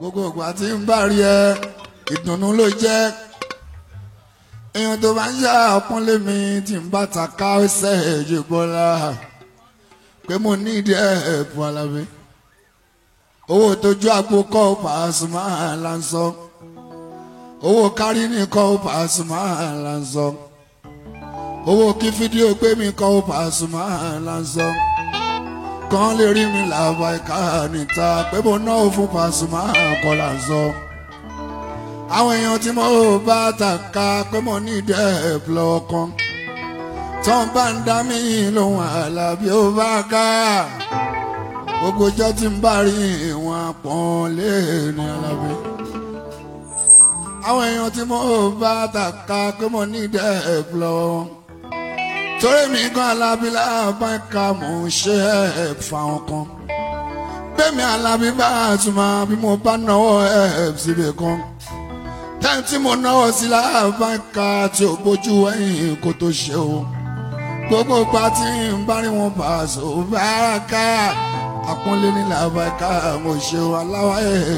gbogbo ìgbà tí ń bá rí ẹ ìdùnnú ló jẹ́ èèyàn tó bá ń yá ọpọ́nlé mi tí ń bá ta ká ẹsẹ̀ ẹ̀jẹ̀ bọ́lá pé mo ní ìdí ẹ̀bù alábí owó tójú àgbo kọ́ Pasuma là ń sọ owó kárí ní kọ́ Pasuma là ń sọ owó kí fídíò gbé mi kọ́ Pasuma là ń sọ kán lè rí mi làbà ìka níta pé mo ná òfun Pasuma kọlà ń sọ. àwọn èèyàn tí mo bá tàka pé mo ní dẹ́ẹ̀bù lọ́kàn tán bá ń dá mi lóhùn àlàbí ó bá ká gbogbo ọjọ́ tí ń bá rí wọn pọ́n lé ní alábí. àwọn èèyàn tí mo bá tàka pé mo ní dẹ́ẹ̀bù lọ́kàn torí mi gan alábí láàbá ká mò ń ṣe ẹ̀ fáwọn kan bẹ́ẹ̀mi alábí bá àtúmọ̀ bí mo bá náwó ẹ̀ síbi kan tẹ́ni tí mo náwó sí láàbá ká tí ò bójú ẹ̀yìn kó tó ṣe o gbogbo pati ń bá rí wọn bá a sọ bá a ká àpọ́nlé ní làbá ká mo ṣe o aláwáyé